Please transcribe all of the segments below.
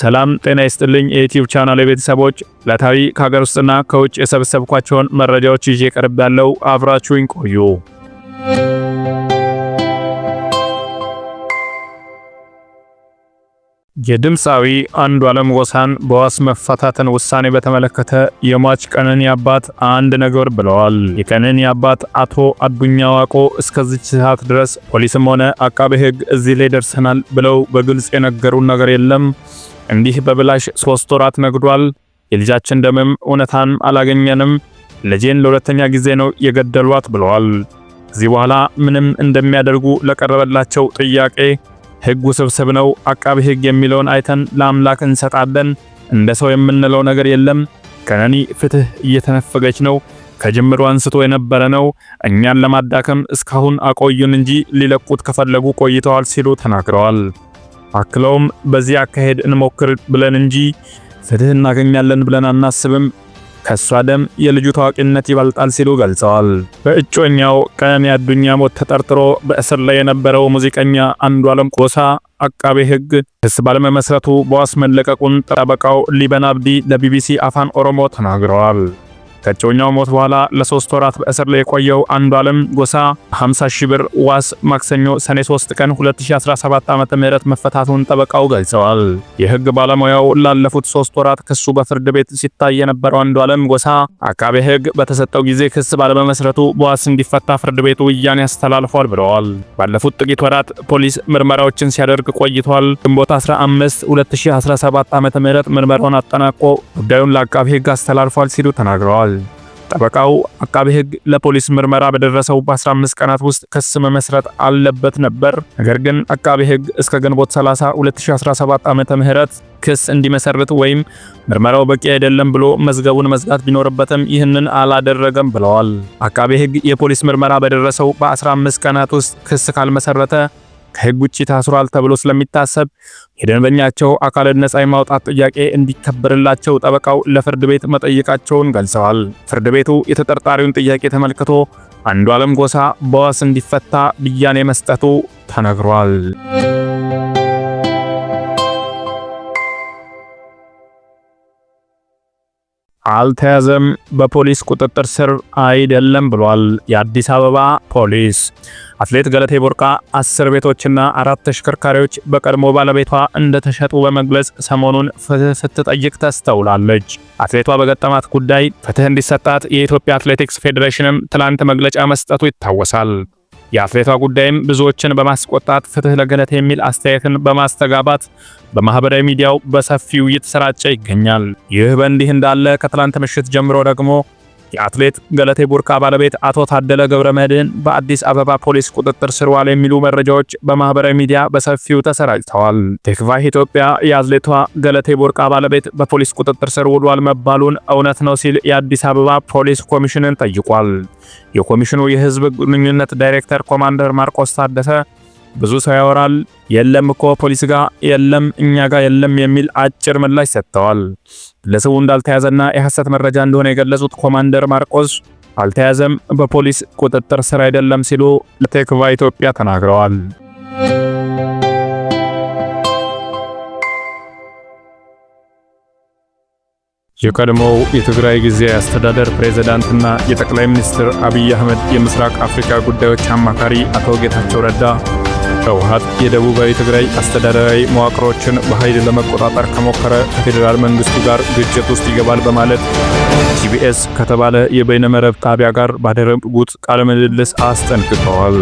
ሰላም ጤና ይስጥልኝ የዩቲዩብ ቻናል ቤተሰቦች፣ ዕለታዊ ከሀገር ውስጥና ከውጭ የሰበሰብኳቸውን መረጃዎች ይዤ ቀርብ ያለው አብራችሁኝ ቆዩ። የድምፃዊ አለም ጎሳን በዋስ መፈታትን ውሳኔ በተመለከተ የሟች ቀነኒ አባት አንድ ነገር ብለዋል። የቀነኒ አባት አቶ አዱኛ ዋቆ እስከዚች ሰዓት ድረስ ፖሊስም ሆነ አቃቤ ሕግ እዚህ ላይ ደርሰናል ብለው በግልጽ የነገሩን ነገር የለም እንዲህ በብላሽ ሶስት ወራት ነግዷል። የልጃችን ደምም እውነታን አላገኘንም። ልጄን ለሁለተኛ ጊዜ ነው የገደሏት ብለዋል። ከዚህ በኋላ ምንም እንደሚያደርጉ ለቀረበላቸው ጥያቄ ሕጉ ስብስብ ነው። አቃቢ ሕግ የሚለውን አይተን ለአምላክ እንሰጣለን። እንደ ሰው የምንለው ነገር የለም። ከነኒ ፍትህ እየተነፈገች ነው። ከጅምሩ አንስቶ የነበረ ነው። እኛን ለማዳከም እስካሁን አቆዩን እንጂ ሊለቁት ከፈለጉ ቆይተዋል ሲሉ ተናግረዋል። አክለውም በዚህ አካሄድ እንሞክር ብለን እንጂ ፍትህ እናገኛለን ብለን አናስብም፣ ከሷ ደም የልጁ ታዋቂነት ይበልጣል ሲሉ ገልጸዋል። በእጮኛው ቀነኒ አዱኛ ሞት ተጠርጥሮ በእስር ላይ የነበረው ሙዚቀኛ አለም ጎሳ አቃቤ ሕግ ክስ ባለመመስረቱ በዋስ መለቀቁን ጠበቃው ሊበን አብዲ ለቢቢሲ አፋን ኦሮሞ ተናግረዋል። ከእጮኛው ሞት በኋላ ለሶስት ወራት በእስር ላይ የቆየው አንዱ ዓለም ጎሳ 50 ሺህ ብር ዋስ ማክሰኞ ሰኔ 3 ቀን 2017 ዓ.ም መፈታቱን ጠበቃው ገልጸዋል። የህግ ባለሙያው ላለፉት ሶስት ወራት ክሱ በፍርድ ቤት ሲታይ የነበረው አንዱ ዓለም ጎሳ አቃቤ ህግ በተሰጠው ጊዜ ክስ ባለመመስረቱ በዋስ እንዲፈታ ፍርድ ቤቱ ውያኔ አስተላልፏል ብለዋል። ባለፉት ጥቂት ወራት ፖሊስ ምርመራዎችን ሲያደርግ ቆይቷል። ግንቦት 15 2017 ዓ.ም ምርመራውን አጠናቆ ጉዳዩን ለአቃቤ ህግ አስተላልፏል ሲሉ ተናግረዋል። ጠበቃው አቃቤ ሕግ ለፖሊስ ምርመራ በደረሰው በ15 ቀናት ውስጥ ክስ መመስረት አለበት ነበር። ነገር ግን አቃቤ ሕግ እስከ ግንቦት 30 2017 ዓመተ ምህረት ክስ እንዲመሰርት ወይም ምርመራው በቂ አይደለም ብሎ መዝገቡን መዝጋት ቢኖርበትም ይህንን አላደረገም ብለዋል። አቃቤ ሕግ የፖሊስ ምርመራ በደረሰው በ15 ቀናት ውስጥ ክስ ካልመሰረተ ከህግ ውጭ ታስሯል ተብሎ ስለሚታሰብ የደንበኛቸው አካልን ነጻ የማውጣት ጥያቄ እንዲከበርላቸው ጠበቃው ለፍርድ ቤት መጠየቃቸውን ገልጸዋል። ፍርድ ቤቱ የተጠርጣሪውን ጥያቄ ተመልክቶ አንዱ ዓለም ጎሳ በዋስ እንዲፈታ ብያኔ መስጠቱ ተነግሯል። አልተያዘም፣ በፖሊስ ቁጥጥር ስር አይደለም ብሏል የአዲስ አበባ ፖሊስ። አትሌት ገለቴ ቡርቃ አስር ቤቶችና አራት ተሽከርካሪዎች በቀድሞ ባለቤቷ እንደተሸጡ በመግለጽ ሰሞኑን ፍትህ ስትጠይቅ ተስተውላለች። አትሌቷ በገጠማት ጉዳይ ፍትህ እንዲሰጣት የኢትዮጵያ አትሌቲክስ ፌዴሬሽንም ትላንት መግለጫ መስጠቱ ይታወሳል። የአፍሌቷ ጉዳይም ብዙዎችን በማስቆጣት ፍትህ ለገለቴ የሚል አስተያየትን በማስተጋባት በማህበራዊ ሚዲያው በሰፊው እየተሰራጨ ይገኛል። ይህ በእንዲህ እንዳለ ከትላንት ምሽት ጀምሮ ደግሞ የአትሌት ገለቴ ቡርቃ ባለቤት አቶ ታደለ ገብረ መድህን በአዲስ አበባ ፖሊስ ቁጥጥር ስር ዋለ የሚሉ መረጃዎች በማህበራዊ ሚዲያ በሰፊው ተሰራጭተዋል። ቲክቫህ ኢትዮጵያ የአትሌቷ ገለቴ ቡርቃ ባለቤት በፖሊስ ቁጥጥር ስር ውሏል መባሉን እውነት ነው ሲል የአዲስ አበባ ፖሊስ ኮሚሽንን ጠይቋል። የኮሚሽኑ የህዝብ ግንኙነት ዳይሬክተር ኮማንደር ማርቆስ ታደሰ ብዙ ሰው ያወራል። የለም እኮ ፖሊስ ጋር የለም እኛ ጋር የለም የሚል አጭር ምላሽ ሰጥተዋል። ግለሰቡ እንዳልተያዘና የሐሰት መረጃ እንደሆነ የገለጹት ኮማንደር ማርቆስ አልተያዘም፣ በፖሊስ ቁጥጥር ስር አይደለም ሲሉ ለቴክቫ ኢትዮጵያ ተናግረዋል። የቀድሞው የትግራይ ጊዜያዊ አስተዳደር ፕሬዝዳንትና የጠቅላይ ሚኒስትር አብይ አህመድ የምስራቅ አፍሪካ ጉዳዮች አማካሪ አቶ ጌታቸው ረዳ ህወሓት የደቡባዊ ትግራይ አስተዳደራዊ መዋቅሮችን በኃይል ለመቆጣጠር ከሞከረ ከፌዴራል መንግስቱ ጋር ግጭት ውስጥ ይገባል በማለት ቲቢኤስ ከተባለ የበይነመረብ ጣቢያ ጋር ባደረጉት ቃለ ምልልስ አስጠንቅቀዋል።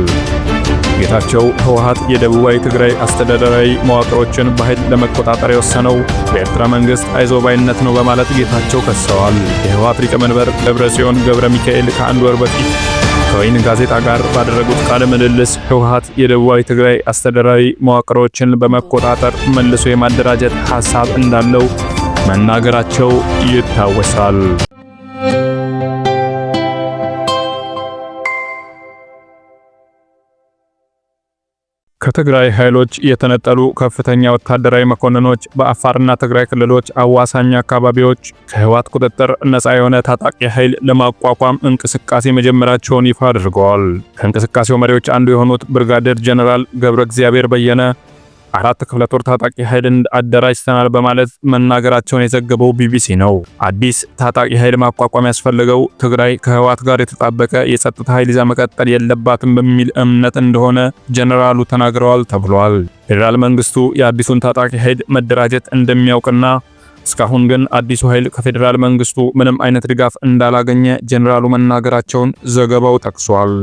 ጌታቸው ህወሀት የደቡባዊ ትግራይ አስተዳደራዊ መዋቅሮችን በኃይል ለመቆጣጠር የወሰነው በኤርትራ መንግስት አይዞባይነት ነው በማለት ጌታቸው ከሰዋል። የህወሀት ሊቀመንበር ጽዮን ገብረ ሚካኤል ከአንድ ወር በፊት ከወይን ጋዜጣ ጋር ባደረጉት ቃለ ምልልስ ህወሓት የደቡባዊ ትግራይ አስተዳደራዊ መዋቅሮችን በመቆጣጠር መልሶ የማደራጀት ሀሳብ እንዳለው መናገራቸው ይታወሳል። ከትግራይ ኃይሎች የተነጠሉ ከፍተኛ ወታደራዊ መኮንኖች በአፋርና ትግራይ ክልሎች አዋሳኝ አካባቢዎች ከህወሓት ቁጥጥር ነፃ የሆነ ታጣቂ ኃይል ለማቋቋም እንቅስቃሴ መጀመራቸውን ይፋ አድርገዋል። ከእንቅስቃሴው መሪዎች አንዱ የሆኑት ብርጋዴር ጀነራል ገብረ እግዚአብሔር በየነ አራት ክፍለ ጦር ታጣቂ ኃይልን አደራጅተናል በማለት መናገራቸውን የዘገበው ቢቢሲ ነው። አዲስ ታጣቂ ኃይል ማቋቋም ያስፈልገው ትግራይ ከህወሓት ጋር የተጣበቀ የጸጥታ ኃይል ይዛ መቀጠል የለባትም በሚል እምነት እንደሆነ ጀነራሉ ተናግረዋል ተብሏል። ፌዴራል መንግስቱ የአዲሱን ታጣቂ ኃይል መደራጀት እንደሚያውቅና እስካሁን ግን አዲሱ ኃይል ከፌዴራል መንግስቱ ምንም አይነት ድጋፍ እንዳላገኘ ጀነራሉ መናገራቸውን ዘገባው ጠቅሷል።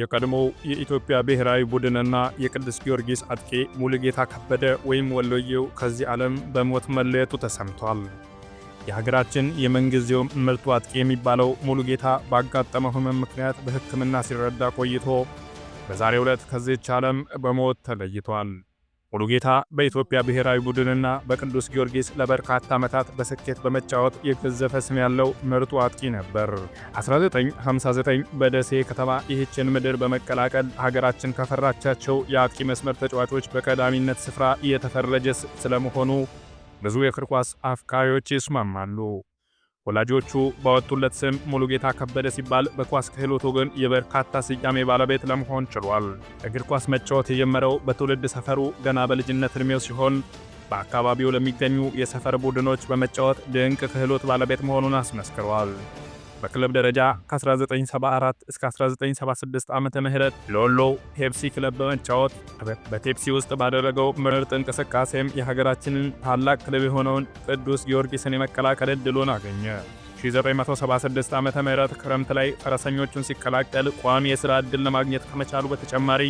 የቀድሞው የኢትዮጵያ ብሔራዊ ቡድንና የቅዱስ ጊዮርጊስ አጥቂ ሙሉጌታ ከበደ ወይም ወሎዬው ከዚህ ዓለም በሞት መለየቱ ተሰምቷል። የሀገራችን የምንጊዜውም ምርጡ አጥቂ የሚባለው ሙሉጌታ ባጋጠመው ሕመም ምክንያት በሕክምና ሲረዳ ቆይቶ በዛሬው ዕለት ከዚህች ዓለም በሞት ተለይቷል። ሙሉጌታ በኢትዮጵያ ብሔራዊ ቡድንና በቅዱስ ጊዮርጊስ ለበርካታ ዓመታት በስኬት በመጫወት የገዘፈ ስም ያለው ምርጡ አጥቂ ነበር። 1959 በደሴ ከተማ ይህችን ምድር በመቀላቀል ሀገራችን ከፈራቻቸው የአጥቂ መስመር ተጫዋቾች በቀዳሚነት ስፍራ እየተፈረጀ ስለመሆኑ ብዙ የእግር ኳስ አፍቃሪዎች ይስማማሉ። ወላጆቹ ባወጡለት ስም ሙሉጌታ ከበደ ሲባል በኳስ ክህሎቱ ግን የበርካታ ስያሜ ባለቤት ለመሆን ችሏል። እግር ኳስ መጫወት የጀመረው በትውልድ ሰፈሩ ገና በልጅነት ዕድሜው ሲሆን በአካባቢው ለሚገኙ የሰፈር ቡድኖች በመጫወት ድንቅ ክህሎት ባለቤት መሆኑን አስመስክሯል። በክለብ ደረጃ ከ1974 እስከ 1976 ዓ ም ሎሎ ፔፕሲ ክለብ በመጫወት በቴፕሲ ውስጥ ባደረገው ምርጥ እንቅስቃሴም የሀገራችንን ታላቅ ክለብ የሆነውን ቅዱስ ጊዮርጊስን የመቀላቀል ዕድሉን አገኘ። 1976 ዓ ም ክረምት ላይ ፈረሰኞቹን ሲቀላቀል ቋሚ የሥራ ዕድል ለማግኘት ከመቻሉ በተጨማሪ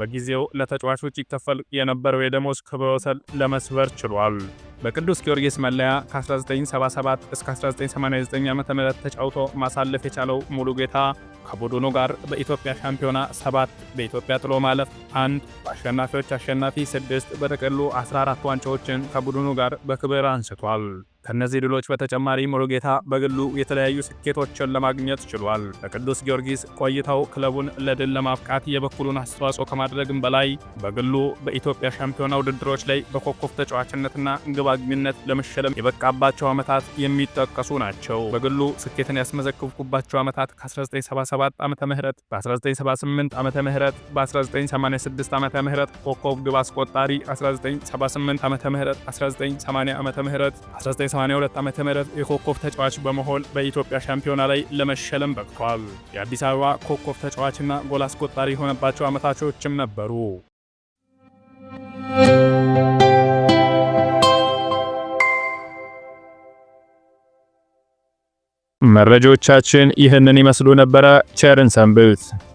በጊዜው ለተጫዋቾች ይከፈል የነበረው የደሞዝ ክብረ ወሰን ለመስበር ችሏል። በቅዱስ ጊዮርጊስ መለያ ከ1977 እስከ 1989 ዓ ም ተጫውቶ ማሳለፍ የቻለው ሙሉ ጌታ ከቡድኑ ጋር በኢትዮጵያ ሻምፒዮና 7 በኢትዮጵያ ጥሎ ማለፍ 1 በአሸናፊዎች አሸናፊ 6 በጥቅሉ 14 ዋንጫዎችን ከቡድኑ ጋር በክብር አንስቷል። ከነዚህ ድሎች በተጨማሪም ሙሉጌታ በግሉ የተለያዩ ስኬቶችን ለማግኘት ችሏል። በቅዱስ ጊዮርጊስ ቆይታው ክለቡን ለድል ለማብቃት የበኩሉን አስተዋጽኦ ከማድረግም በላይ በግሉ በኢትዮጵያ ሻምፒዮና ውድድሮች ላይ በኮከብ ተጫዋችነትና ግባግቢነት ለመሸለም የበቃባቸው ዓመታት የሚጠቀሱ ናቸው። በግሉ ስኬትን ያስመዘግብኩባቸው ዓመታት ከ1977 ዓ ም በ1978 ዓ ም በ1986 ዓ ም ኮከብ ግብ አስቆጣሪ 1978 ዓ ም 1980 ዓ ም በ82 ዓ ም የኮከብ ተጫዋች በመሆን በኢትዮጵያ ሻምፒዮና ላይ ለመሸለም በቅቷል። የአዲስ አበባ ኮከብ ተጫዋችና ጎል አስቆጣሪ የሆነባቸው አመታቾችም ነበሩ። መረጃዎቻችን ይህንን ይመስሉ ነበረ። ቸርን ሰንብት።